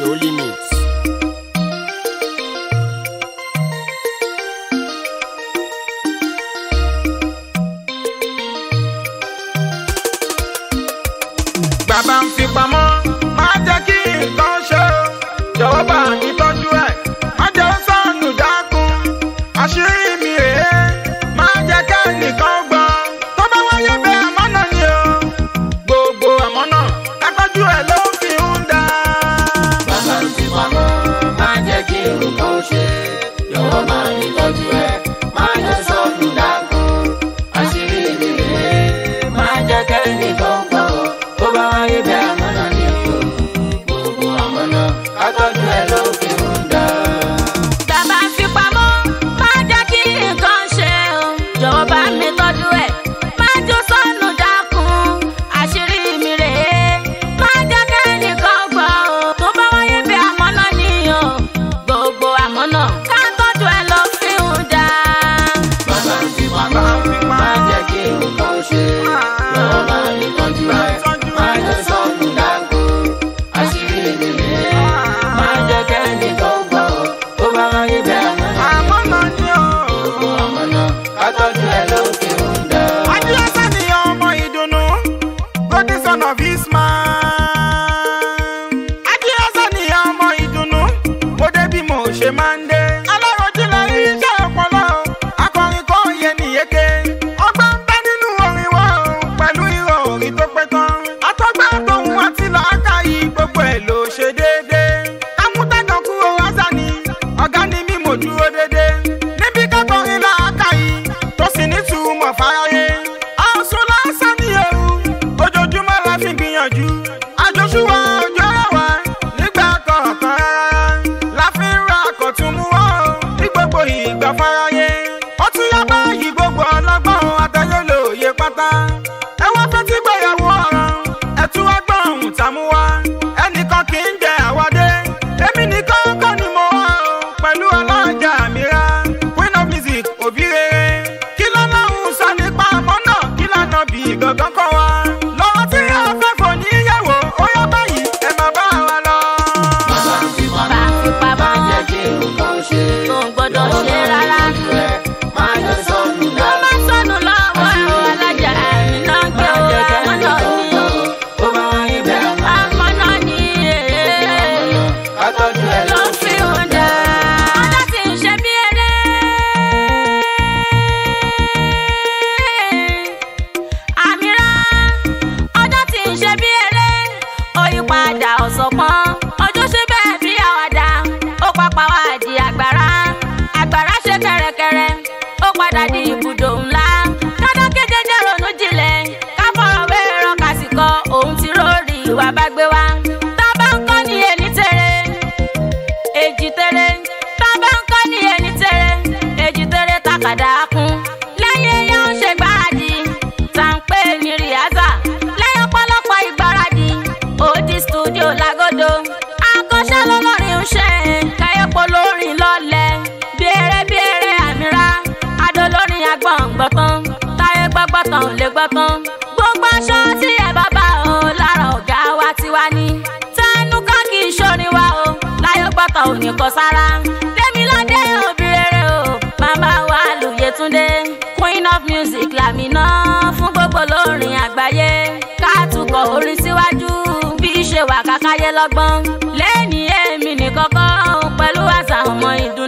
Show Limites. tẹ̀rẹ̀ bàbá ń kọ́ ní ẹni tẹ̀rẹ̀ èjì tẹ̀rẹ̀ takàdá kún lẹ́yìn eyín ó ṣe gbáradì tá ń pè ní rìhásà lẹ́yìn ọ̀pọ̀lọpọ̀ ìgbáradì òdì stúdíò lágọ́dọ̀ akọ́ṣẹ́ lọ́lọ́rin ń ṣe káyọ̀pọ̀ lórin lọ́lẹ̀ bẹ̀rẹ̀ bẹ̀rẹ̀ àmìrà adolórin agbọ̀ngbọ̀tán táyé gbọ́gbọ́tàn lè gbọ́tàn gbogbo aṣọ tí ẹ bá bọ́tọ̀ ò ní kọ sára. Lémiládé òbí o bàbá wa Lóyètúndé queen of music làmìnà fún gbogbo olórin àgbáyé ká tukọ̀ orin síwájú bí ṣe wà kákáyé lọ́gbọ́n lẹ́yìn èmi nìkọ́kọ́ pẹ̀lú àṣà ọmọ ìdú.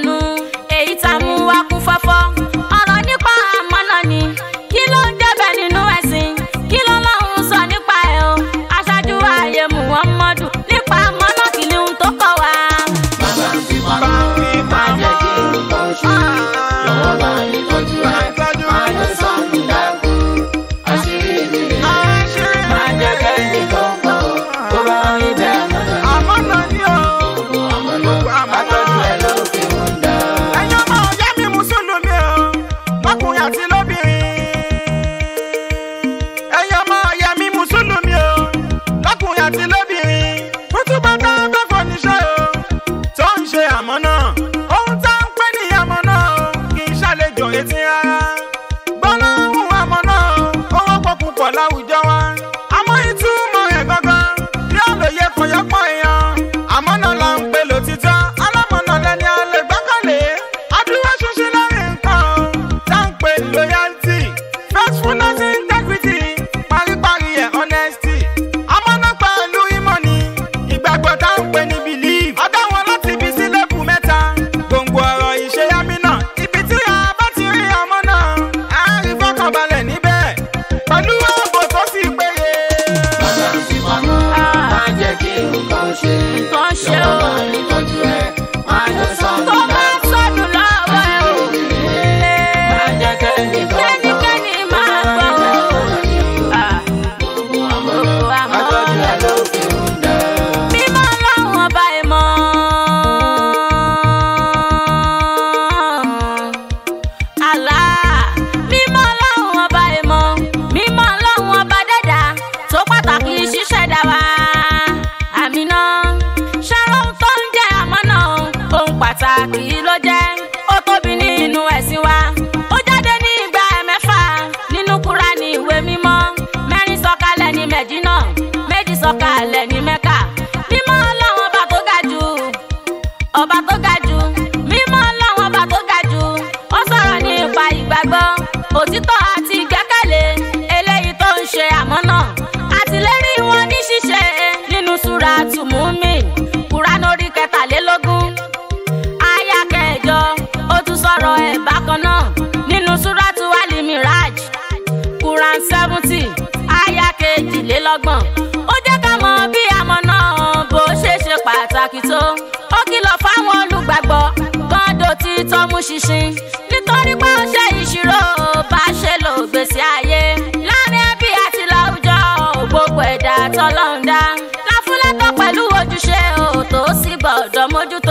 sọ̀kalẹ̀ ní mẹ́kà mímọ́ ọlọ́run ọba tó ga jù ọba tó ga jù mímọ́ ọlọ́run ọba tó ga jù ó sọ̀rọ̀ nípa ìgbàgbọ́ òtítọ́ àti ìgbẹ́kẹ̀lé eléyìí tó ń ṣe àmọ́nà àtìlẹ́rìí wọn ní ṣíṣe nínú súra tùmùmí kúránù orí kẹtàlélógún àyà kẹjọ ó tún sọ̀rọ̀ ẹ̀ bákan náà nínú súra tuwálì miraj kúrán seventy àyà kejìlélọ́gbọ̀n mọ bí àmọ́ náà bó ṣe ṣe pàtàkì tó ó kìlọ̀ fáwọn olùgbàgbọ́ gọ́ńdò tí tọ́mú ṣinṣin nítorí pé ó ṣe ìṣirò bá ṣe lò gbèsè ayé láàrin ẹbí àti láwùjọ gbogbo ẹ̀dá tọ́lọ́run dá láfúlẹ́tọ̀ pẹ̀lú ojúṣe ò tó sì gbọ́dọ̀ mójútó.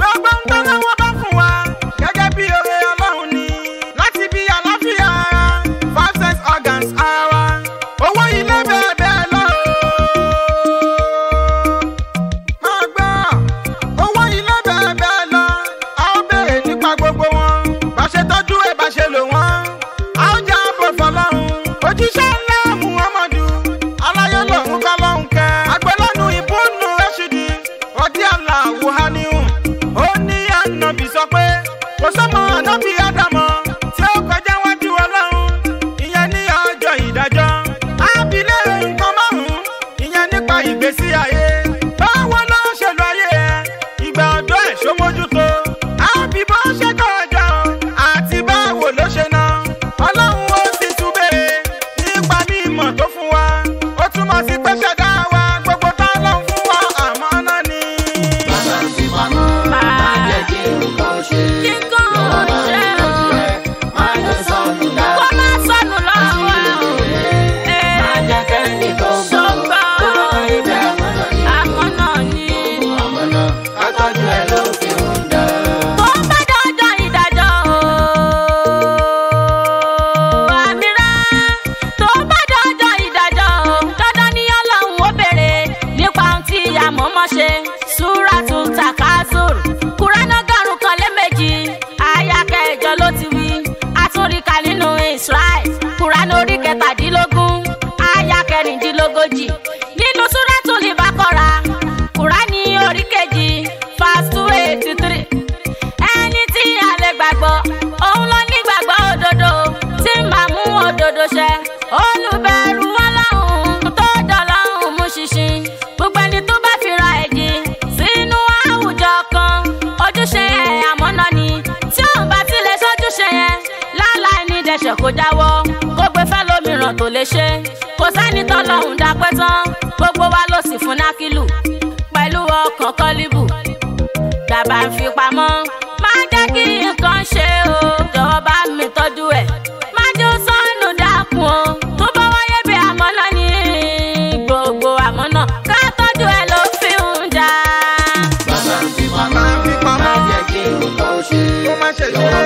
Bang, bang, bang, bang, ṣe you.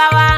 ¡Gracias!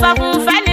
sọ fún fẹ́ni.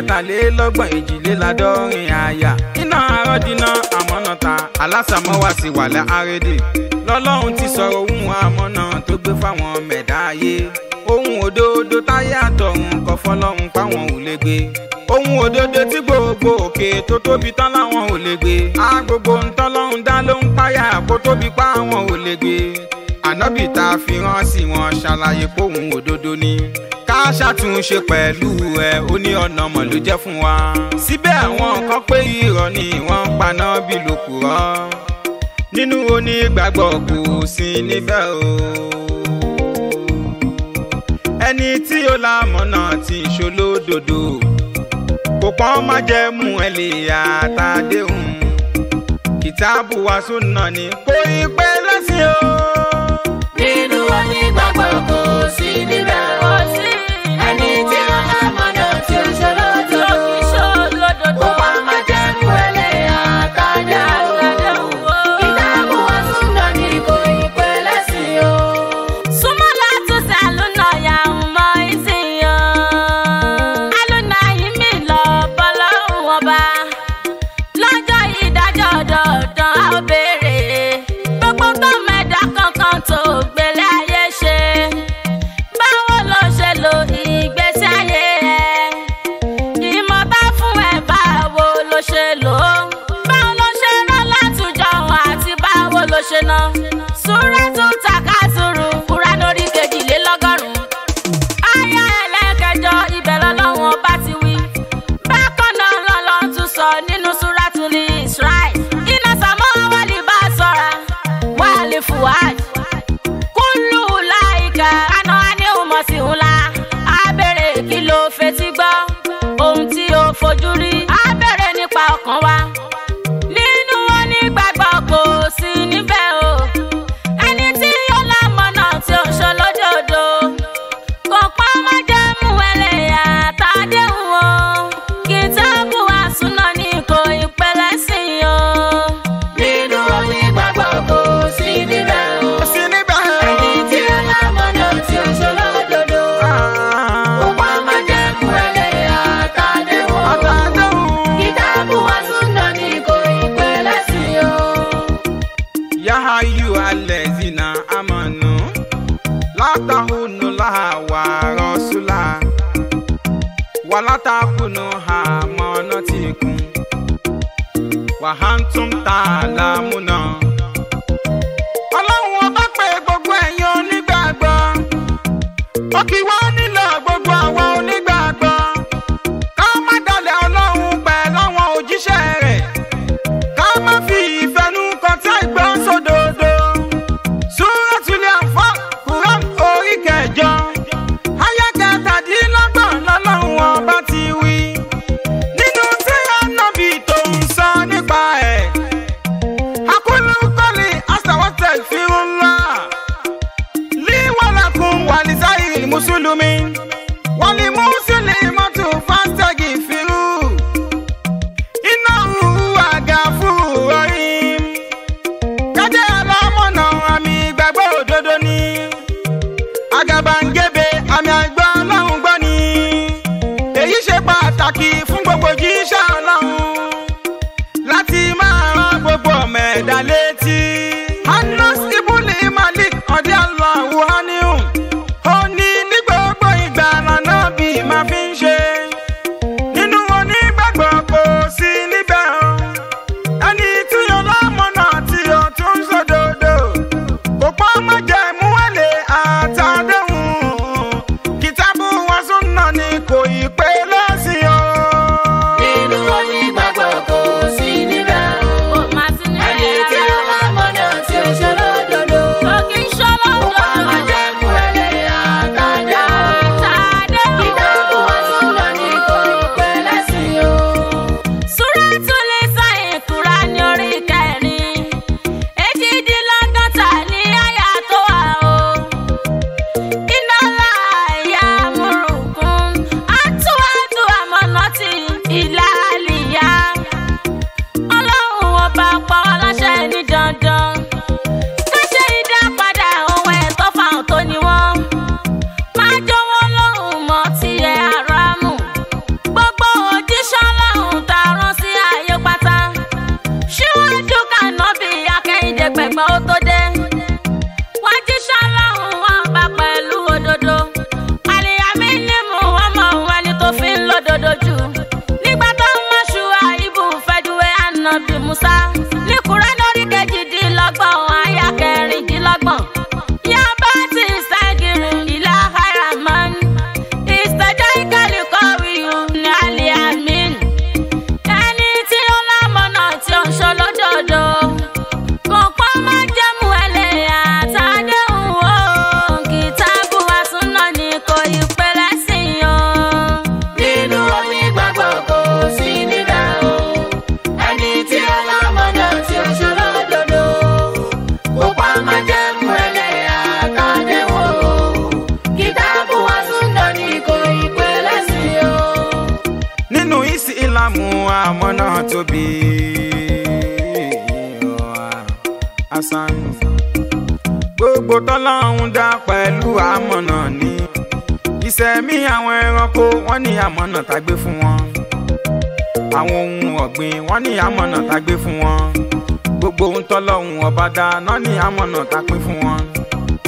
ẹ̀tàlélọ́gbọ̀n ìjìléláàdọ́rin àyà iná arọ́dínà àmọ́nàta alásàmọ́wá sí wàlẹ̀ àrédè lọ́lọ́run ti sọ̀rọ̀ ohun àmọ́nà tó gbé fáwọn mẹ̀dá ayé ohun òdodo táyé àtọ̀run kọ fọlọ́run páwọn ò lè gbé ohun òdodo tí gbogbo òkè tó tóbi tán láwọn ò lè gbé á gbogbo ń tọ́lọ́run dá ló ń páyà kó tóbi pa àwọn ò lè gbé ànábì tá a fi rán sí wọn ṣàlàyé póun òdodo ni ká ṣàtúnṣe pẹ̀lú ẹ̀ ó ní ọ̀nà mọ̀ ló jẹ́ fún wa síbẹ̀ àwọn kan pé irọ́ ni wọ́n ń paná bí lòkùrọ́ nínú onígbàgbọ́ kò sí níbẹ̀ o ẹni tí ó la mọ̀nà ti ṣolódodo kò pọ́n má jẹ́ mú ẹ lè àtàdéhùn kìtàbù wa sùn náà ni kò ì pé lọ́sìn o. wọ́n ní handsome taller musulmin mú àmọ́ náà tóbi. gbogbo tọ́lọ́run dá pẹ̀lú àmọ́ náà ni. ìṣẹ̀mí àwọn ẹranko wọ́n ní àmọ́ náà tá gbé fún wọn. àwọn ohun ọ̀gbìn wọ́n ní àmọ́ náà tá gbé fún wọn. gbogbo ohun tọ́lọ́run ọba dá náà ní àmọ́ náà tá pín fún wọn.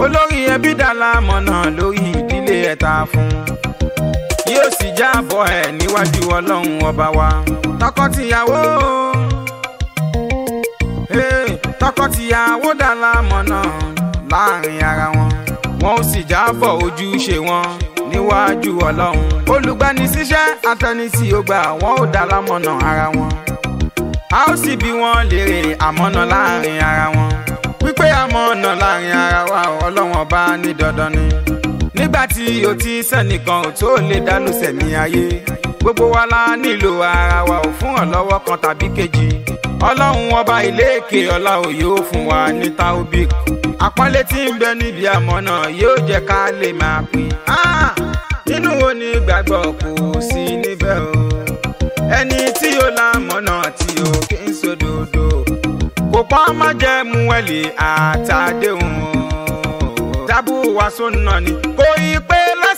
olórí ẹbí dá láàmọ́ lórí ìdílé ẹ̀ta fún un yóò sì jábọ̀ ẹ̀ níwájú ọlọ́run ọba wa. tọkọ-tìyàwó eh, tọkọ-tìyàwó dá lámọ̀nà láàrin ara wọn. wọn ò sì jábọ̀ ojúṣe wọn níwájú ọlọ́run. olùgbanisíṣẹ́ atẹnisí ògbà wọn ò dá lámọ̀nà ara wọn. a ó sì bí wọn léèrè àmọ̀nà láàrin ara wọn. wípé àmọ̀nà láàrin ara wa ọlọ́run ọba ní dandan ni nígbà tí o ti sàn nìkan ò tó lè dánú sẹ̀mí ayé gbogbo wa la nílò ara wa ò fún ọlọ́wọ́ kan tàbí kejì ọlọ́run ọba ìléèké ọlá òye ó fún wa ní taobik àpọ́nlé tí ń bẹ níbi àmọ́ náà yóò jẹ́ ká lè máa pè ah! nínú òní gbàgbọ́ kò sí níbẹ̀ o ẹni tí ó la mọ̀ tí ó kí ń sòdodo kò pọ́n má jẹ́ mú àtàdéhùn o sábò wa sọ nà ni kò yí pé lọ.